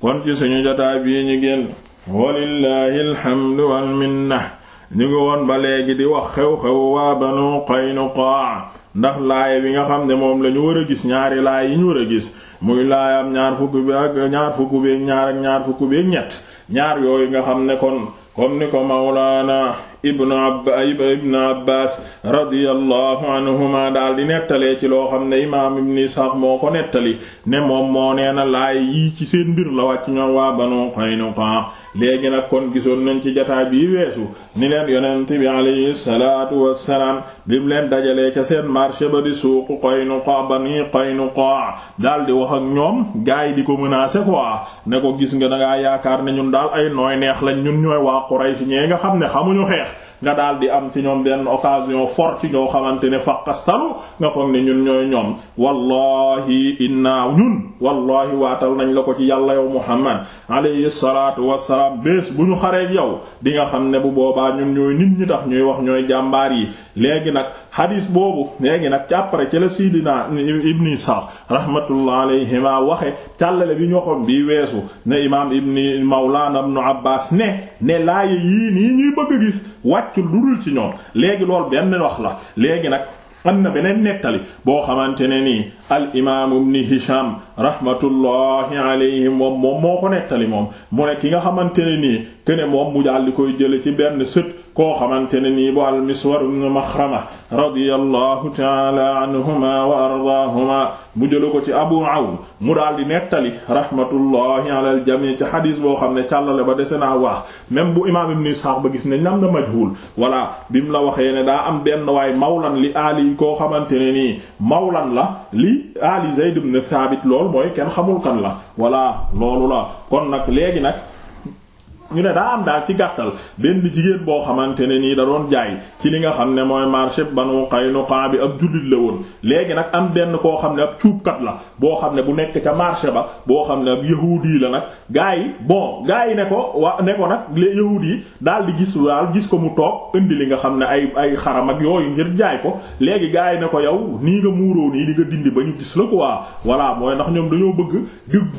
kon ci suñu jotaay bii ñu génn walillahi alhamdu wal ñu ngi woon ba léegi di wax xew-xew waa banu Qaynuqaa ndax laay bi nga xam ne moom lañu war a gis ñaari laay yi ñu war a gis muy laayam ñaar fukk bi ak ñaar fukk bi ak ñaar fukk bi ak ñett ñaar yooyu nga xam ne kon kon ni ko mawlaana ibnu abba ibnu abbaas radiyallahu anhuma daal di nettalee ci loo xam ne imaam ibnu isxaaq moo ko nettali ne moom moo nee na laay yii ci seen mbir la wàcc ñoom waa Banu Qaynuqa léegi nag kon gisoon nañ ci jataay bii weesu ni leen dajalee ca seen marché ba di suuqu Qaynuqa Banu di wax ak ñoom gaay di ko menacer quoi ne ko gis nga dangaa yaakaar ne ñun daal ay nooy neex lañ ñun ñooy waa waa Quraysh ñee nga xam ne xamuñu xeex nga daal bi am ci ñoom benn occasion forte ñoo xamante ne faqastalu nga foog ne ñun ñooy ñoom wallahi inna ñun wallahi waatal nañ la ko ci yàlla yow muhammad alayhi salaatu wassalaam bés bu ñu xareek yow di nga xam ne bu boobaa ñun ñooy nit ñi tax ñuy wax ñooy jàmbaar yi léegi nag xadiis boobu léegi nag ci après ci la sidina ibn isaaq rahmatullah alayhima waxe càllale bi ñu waxoon bi weesu ne imaam ibni mawlana ibn abbas ne ne laaye yii nii ñuy bëgg gis wàccu lu dul ci ñoom léegi lool benn wax la léegi nag am na beneen nettali boo xamante ne nii al imaam ibn Hisham rahmatullahi alayhi moom moo ko nettali moom mu ne ki nga xamante ne nii kene moom mu daal di koy jële ci benn sët koo xamante ne nii bu al-Miswar ibn Maxrama radiyallahu taala anhuma wa ardaahuma mu jëla ko ci Abu Awn mu daal di nettali rahmatullahi ala al-jamii ci xadiis boo xam ne càllale ba dese naa wax même bu imaam ibn Isxaaq ba gis nañ am na majhul walla bi mu la waxee ne daa am benn waay mawlan li aali koo xamante ne nii mawlan la li aali Zayd ibn Thaabit lool mooy kenn xamul kan la walla loolu la kon nag léegi nag ñu ne daa am daal ci gàttal benn jigéen boo xamante ne nii da doon jaay ci li nga xam ne mooy marché Banu Qaynuqa bi ak jullit la woon léegi nag am benn koo xam ne ab kat la boo xam ne bu nekk ca marché ba boo xam ne ab yahuudi la nag gaa yi boo gaa yi ne ko wa ne ko nag les yahuudi yi daal di gis daal gis ko mu toog indi li nga xam ne ay ay xaram ak yooyu ngir jaay ko léegi gaa yi ne ko yow nii nga muuroo nii li nga dindi ba ñu gis la quoi voilà mooy ndax ñoom dañoo bëgg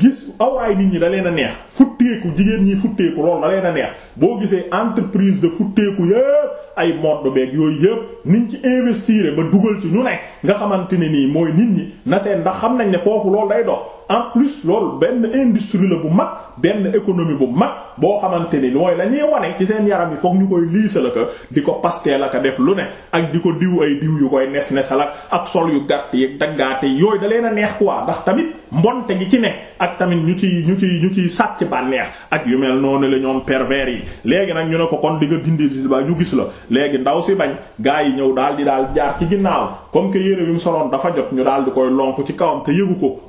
gis aw ay ñi da leen neex futteeku jigéen ñi futteeku loolu leen a neex boo gisee entreprise de futteeku yépp ay mode beeg yooyu yépp niñ ci investir ba dugal ci ñu ne nga xamante ne nii mooy nit ñi na seen ndax xam nañ ne foofu loolu day dox en plus loolu benn industrie la bu mag benn économie bu mag boo xamante ni mooy la ñuy wane ci seen yaram yi foog ñu koy liisa la ka di ko pasteel ak def lu ne ak di ko diw ay diw yu koy nes nesal ak sol yu gàtt yi daggaate yooyu da leen a neex waa ndax tamit mbonte gi ci ne ak tamit ñu ci ñu ci ñu ciy sàcc bànneex ak yu mel noonu la ñoom pervers yi léegi nag ñu ne ko kon di nga dindi ba ñu gis la léegi ndaw si bañ gaa yi ñëw daal di daal jaar ci ginnaaw comme que yére bi mu soloon dafa jot ñu daal di koy lonku ci kawam te yëgu ko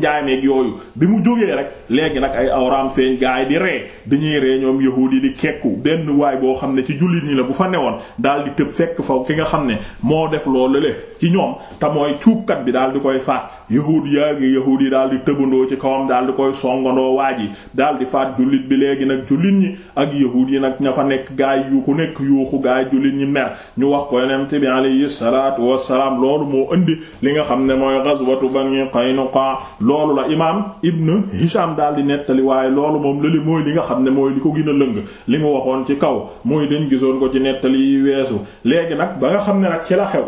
njaay meeg yooyu bi mu jógee rek léegi nag ay awraam feeñ gaay di ree ñuy ree ñoom yahuud yi di kekku benn waay boo xam ne ci jullit ñi la bu fa newoon daal di tëb fekk faw ki nga xam ne moo def loolu le ci ñoom te mooy cuubkat bi daal di koy faat yahuud yaa ngi yahuud yi daal di tëbandoo ci kawam daal di koy songandoo waa ji daal di faat jullit bi léegi nag jullit ñi ak yahuud yi nag ña fa nekk gaay yu ku nekk yuuxu gaay jullit ñi mer ñu wax ko yonent bi alayhi salaatu wassalaam loolu indi li nga xam ne mooy ghazwatu Bani Qaynuqa loolu la imaam ibn Hisham daal di nettali waaye loolu moom lëli mooy li nga xam ne mooy li ko gën a lëng li mu waxoon ci kaw mooy dañ gisoon ko ci nettali yi weesu léegi nag ba nga xam ne nag ci la xew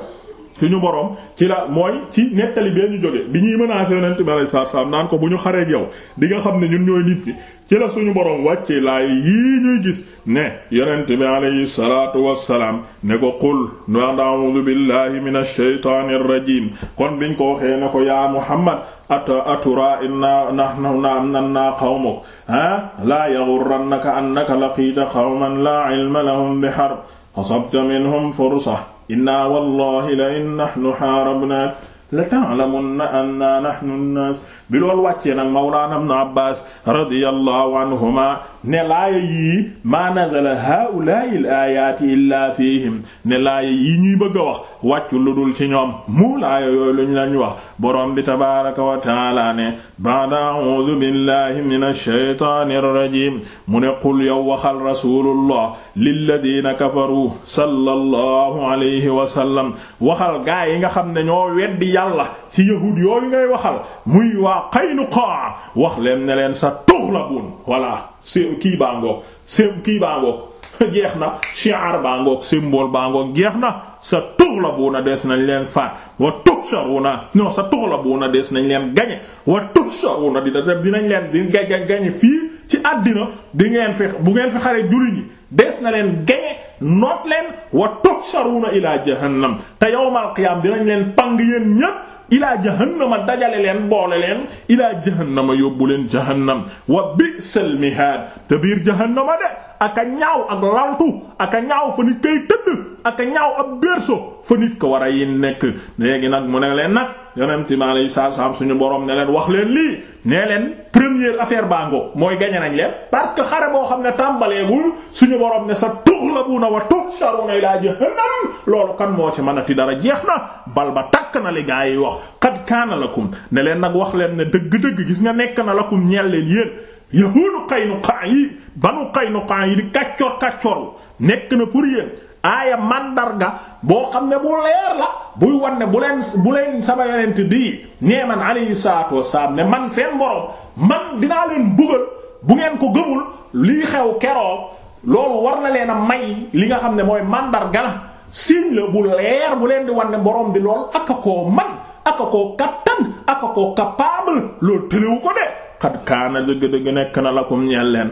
suñu borom ci la mooy ci nettali bee ñu jóge bi ñuy menacé yonent bi alayhi salaatu salaam naan ko bu ñu xareek yow di nga xam ne ñun ñooy nit ñi ci la suñu borom wàcce laay yii ñuy gis ne yonent bi alayhi salaatu wassalaam ne ko qul a'uudu billahi minash shaytaanir rajiim kon biñ ko waxee ne ko yaa Muhammad ata atura inna nahnu na'amna qawmuk ha ah, laa yaghurrannaka annaka laqiita qawman laa ilma lahum bi harb asabta minhum fursa inna wallahi la in nahnu xaarabnaak la ta'lamunna anna nahnu an-nas bi loolu wàccee nag mawlaana ibn abbas radiyallahu anhuma ne laaya yii maa nazala haa'ulaa'i al-aayaati illaa fiihim ne laaya yii ñuy bëgg a wax wàccu lu dul ci ñoom mu laaya yooyu luñ lañ wax boroom bi tabaaraka wa ta'aala ne ba'da a'uudu billahi minash shaytaanir rajiim mu ne qul yow waxal rasuulullah lilladiina kafaru sallallahu alayhi wa sallam waxal gaa yi nga xam ne ñoo weddi yàlla ci yahud yooyu ngay waxal muy waa Qaynuqa wax leen ne leen sa tuxlabun voilà seen kii baa ngoog seen kii baa ngoog jeex na shi'ar baa ngoog symbole baa ngoog jeex na sa tuxlabuna des nañ leen faat wa tuxsharuna non sa a des nañ leen gañe wa tuxsharuna a dinañ leen di gañe fii ci àddina di ngeen fi bu ngeen fi xare jullit ñi des na leen gañe noot leen wa tuhsharuna ilaa jahannam te yawmal qiyaam dinañ leen pang yéen ñépp ilaa jahannama dajale leen boole leen ilaa jahannama yóbbu leen jahannam wa bi'sal mihaad te biir jahannama de aka ñaaw ak laltu aka ñaaw fa nit kay tëdd aka ñaaw ab berso fa nit ko war a yi nekk léegi nag mu ne leen nag yonenti ma lay saa saam suñu borom ne leen wax leen lii nee leen première affaire bango mooy gañe nañ leen parce que xare boo xam ne tàmbaleegul suñu borom ne sa tuxlabuna wa tuhsharuna ila jahannam loolu kan moo ci mënati dara jeex na bal ba takk na li gaa yi wax qad kaana lakum ne leen nag wax leen ne dëgg-dëgg gis nga nekk na la kum ñeel leen yéen yahuudu Qaynuqa yi banu Qaynuqa yi di kàccoor kàccoor nekk na pour yéen aaya màndarga boo xam ne bu leer la buy wan ne bu leen bu leen sama yonent bii nee man alayhi salaatu wasalaam ne man seen borom man dinaa leen bugal bu ngeen ko gëmul lii xew keroog loolu war na leen a may li nga xam ne mooy màndarga la signe la bu leer bu leen di wan ne borom bi lool aka ko man aka koo kattan aka koo capable loolu tëlewu ko de xat kaana dëgg-dëgg nekk na lakum ñeel leen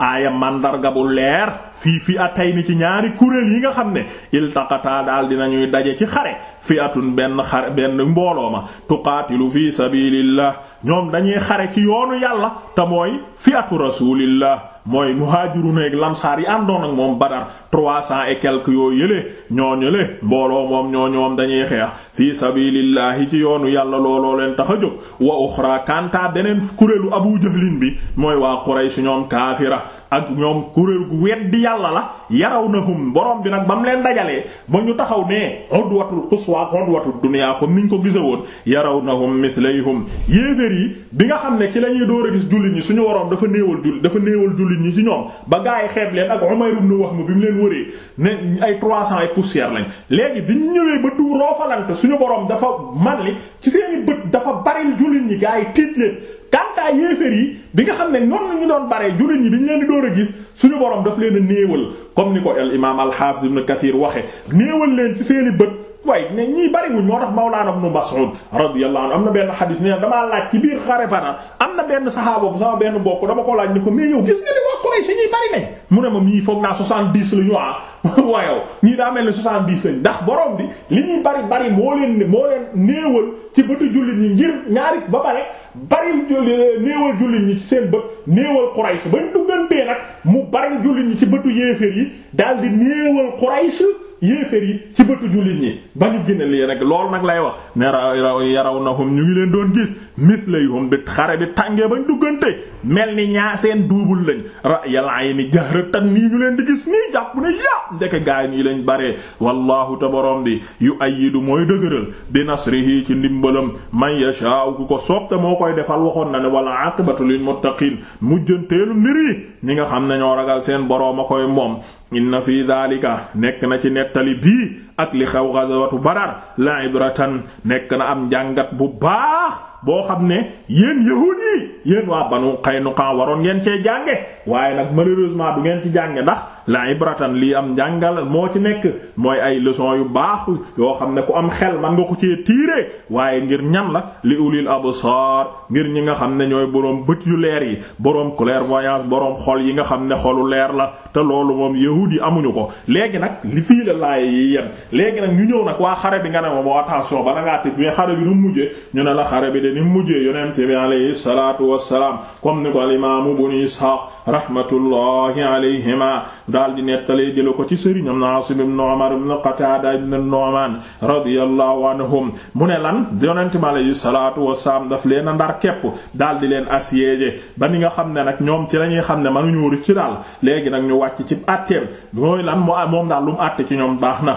aaya màndarga bu leer fii fi atay ni ci ñaari kuréel yi nga xam ne iltaqataa daal dinañuy daje ci xare fi atun benn xare benn mbooloo ma tuqaatilu fi sabilillah ñoom dañuy xare ci yoonu yàlla te mooy fi atu rasulillah mooy muhajiruna néeg lamsaar yi àndoon ak moom Badar trois cent et quelques yoo yële ñoo ñële mbooloo moom ñoo ñoom dañuy xeex fii sabilillahi ci yoonu yàlla looloo leen tax a jóg wa uxra kanta deneen kuréelu Abu Jahlin bi mooy waa Quraysh ñoom kaafira ak ñoom kuréel gu bi yàlla la yarawnahum borom bi nag ba mu leen dajalee ba ñu taxaw ne udwatul quswa udwatul dunya comme niñ ko gise woon yarawnahum mislayhum yéeféer yi bi nga xam ne ci la ñuy door a gis jullit ñi suñu waroon dafa néewal jullit dafa néewal jullit ñi ci ñoom ba gaa yi xeeb leen ak Umayr ibn Wahm bi mu leen wëree ne ay 300 ay poussière lañ léegi bi ñu ñëwee ba du roofalante suñu boroom dafa man ni ci seeni bët dafa baril ñi gaa yi kantaa yéeféer yi bi nga xam ne noonu ñu doon bare jullit ñi bi ñu leen di door a gis suñu borom daf leen a néewal comme ni ko al imaam al hafiz ibn kathir waxe néewal leen ci seeni bët waaye ne ñii bariwuñ moo tax Mawlaana Ibn Mas'ud radiyallahu anhu am na benn xadis ne damaa laaj ci biir xare Badar am na benn saxaaba bu sama benn bokk dama ko laaj ni ko mais yow gis nga li waa Quraysh ñii bari nañ mu ne ma mii foog naa 70 la ñu ah waaye ñii daa mel ne 70 lañ ndax borom bi li ñuy bari bari moo leen moo leen néewal ci bëtu jullit ñi ngir ñaari ba pare bari eh, néewal jullit ñi ci seen bët néewal Quraysh bañ duggantee nag mu bari jullit ñi ci bëtu yéeféer yi daal di néewal Quraysh yéeféer yi ci bëtu jullit ñi ba ñu gëna lii rek loolu nag lay wax ne raw yaraw na hum ñu ngi leen doon gis misleyhum bi xare bi tàngee bañ duggante mel ni ñaa seen duubul lañ ra'yal ayni jahratan nii ñu leen di gis nii jàpp na yàpp ndeke gaay nii lañ bare wallahu te borom bi yu ayyidu mooy dëgëral bi nasrihi ci ndimbalam man yasha'u ku ko soob te moo koy defal waxoon na ne wala aqibatu lil muttaqin mujjanteelu mbir yi ñi nga xam ne ñoo ragal seen boroom a koy moom inna fi daalika nekk na ci nettali bii ak li xew ghazwatu badar la ibratan nekk na am njàngat bu baax boo xam ne yéen yahuud yi yéen waa banu Qaynuqa waroon ngeen cee jànge waaye nag malheureusement du ngeen ci jànge ndax la ibratan lii am njàngal moo ci nekk mooy ay leçon yu baax yoo xam ne ku am xel man nga ko cee tiire waaye ngir ñan la li ulil absar ngir ñi nga xam ne ñooy boroom bët yu leer yi boroom clairvoyance boroom xol yi nga xam ne xolu leer la te loolu moom yahuud yi amuñu ko léegi nag léegi nag ñu ñëw nag waa xare bi nga ne ma moo attention bala ngaa tëj mais xare bi nu mujjee ñu ne la xare bi de ni mujjee yonent bi alayhi salaatu wassalaam comme ni ko al imaamu bnu Isxaaq rahmatullahi alayhima daal di nettalee jëla ko ci sëriñam Aasim ibn Umar ibn Qataada ibn Nu'maan radiyallahu anhum mu ne lan yonent bi alayhi salaatu wassalaam daf leen a ndar képp daal di leen assiégé ba ni nga xam ne nag ñoom ci lañuy xam ne mënuñu wër ci daal léegi nag ñu wàcc ci àtteem mooy lan ci ñoom baax na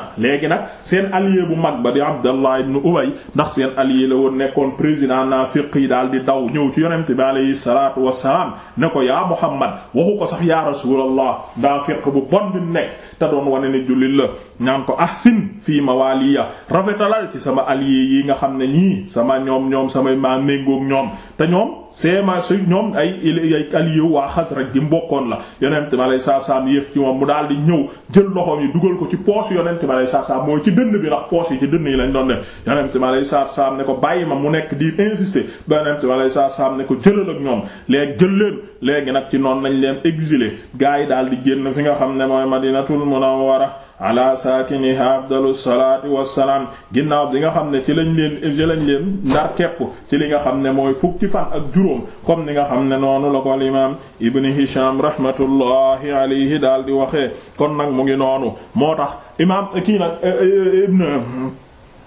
léegi nag seen allié bu mag ba di Abdallah ibn Ubay ndax seen allié la woon nekkoon président naafiq yi daal di daw ñëw ci yonent bi alayhi salaatu wassalaam ne ko yaa Muhammad waxu ko sax yaa rasulallah naafiq bu bon bi nekk te doon wane ne jullit la ñaan ko ahsin fii mawaliya rafetalal ci sama allié yi nga xam ne ñii sama ñoom ñoom samay maa méngoog ñoom te ñoom seema su ñoom ay ay allié waa Xasraj gi mbokkoon la yonent bi alayhi salaam yéex ci moom mu daal di ñëw jël loxoom yi dugal ko ci poche yonent bi alayhi salaam salaam mooy ci dënn bi ndax poche yi ci dënn yi lañ doon def yonent bi alayhi salaatu salaam ko bàyyi ma mu nekk di insister ba yonent bi alayhi salaatu salaam ne ko jëlal ak ñoom léegi jël leen léegi nag ci noonu nañ leen exiler gars yi daal di génn fi nga xam ne mooy Madinatul wara ala saakiniha afdalu salaatu wassalaam ginnaaw bi nga xam ne ci lañ leen ci leen ndar kepp ci li nga xam ne mooy fukki fa ak juróom comme ni nga xam ne noonu la ko al imaam ibn hisham rahmatullahi alayhi daal di waxee kon nag mu ngi noonu moo tax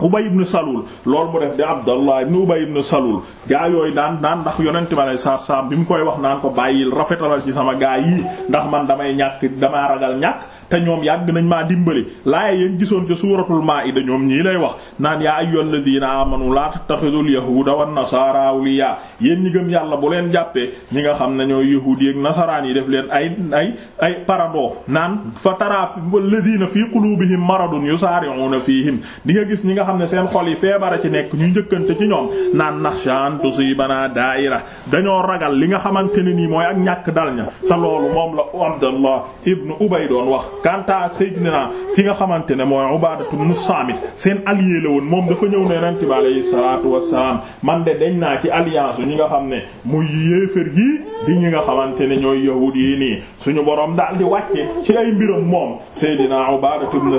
Ubay ibn Salul loolu mu def di Abdallah ibn Ubay ibn Salul gaa yooyu naan naan ndax yonent ma lay saar bi mu koy wax naan ko bàyyil rafetalal ci sama gaa yi ndax man damay ñàkk dama ragal ñàkk te ñoom yàgg nañ maa dimbali laaye yéen gisoon ca suuratul maa'ida ñoom ñii lay wax naan yaa ayyuhal ladiina aamanu laa tattaxidul yahuuda wan nasaara awliyaa yéen ñi gëm yàlla bu leen jàppee ñi nga xam ne ñooy yahuud yi nasaraan yi def leen ay ay ay parandoo naan fa taraa ladiina fii xam ne seen xol yi feebara ci nekk ñu njëkkante ci ñoom naan naxshan tusibana daayira dañoo ragal li nga xamante ne nii mooy ak ñàkk dal ña te loolu moom la Abdallah ibnu Ubay doon wax kanta Seydina ki nga xamante ne mooy Ubaadatu ibnu Saamit seen allié la woon moom dafa ñëw ne Yonent bi salaatu wassalaam man de deñ naa ci alliance ñi nga xam ne muy yéefér yi di ñi nga xamante ne ñooy yahuud yi nii suñu boroom daal di wàcce ci ay mbiram moom Seydina Ubaadatu ibnu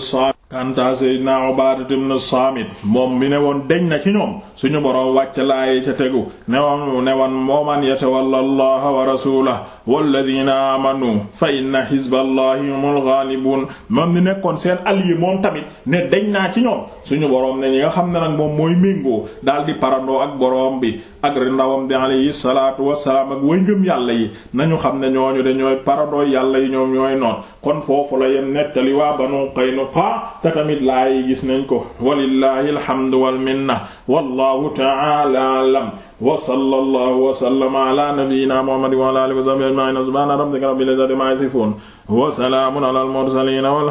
Saamit kanta Seydina Ubaadatu ibn Saamit moom mi ne woon deñ na ci ñoom suñu boroom wàcc laaye ca tegu ne woon ne woon mooman yatawalla allaha wa rasulahu walladina amanu fa inna hizballahi humul ghaalibuun moom mi nekkoon seen allié moom tamit ne deñ naa ci ñoom suñu boroom ne ñi nga xam ne nag moom mooy méngoo daal di parandoo ak boroom bi ak ndawam bi alayhi salaatu wassalaam ak way ngëm yàlla yi nañu xam ne ñooñu de ñooy paradooy yàlla yi ñoom ñooy noon kon foofu la yem nettali waa banu Qaynuqa te tamit laay gis nañ ko walillahi alhamdu wal minna wallahu ta'ala a'lam wa sallallahu wa sallama ala nabiyyina muhammadin wa ala alihi wa sahbihi ajma'in subhana rabbika rabbil izzati amma yasifun wa salamun ala al mursalin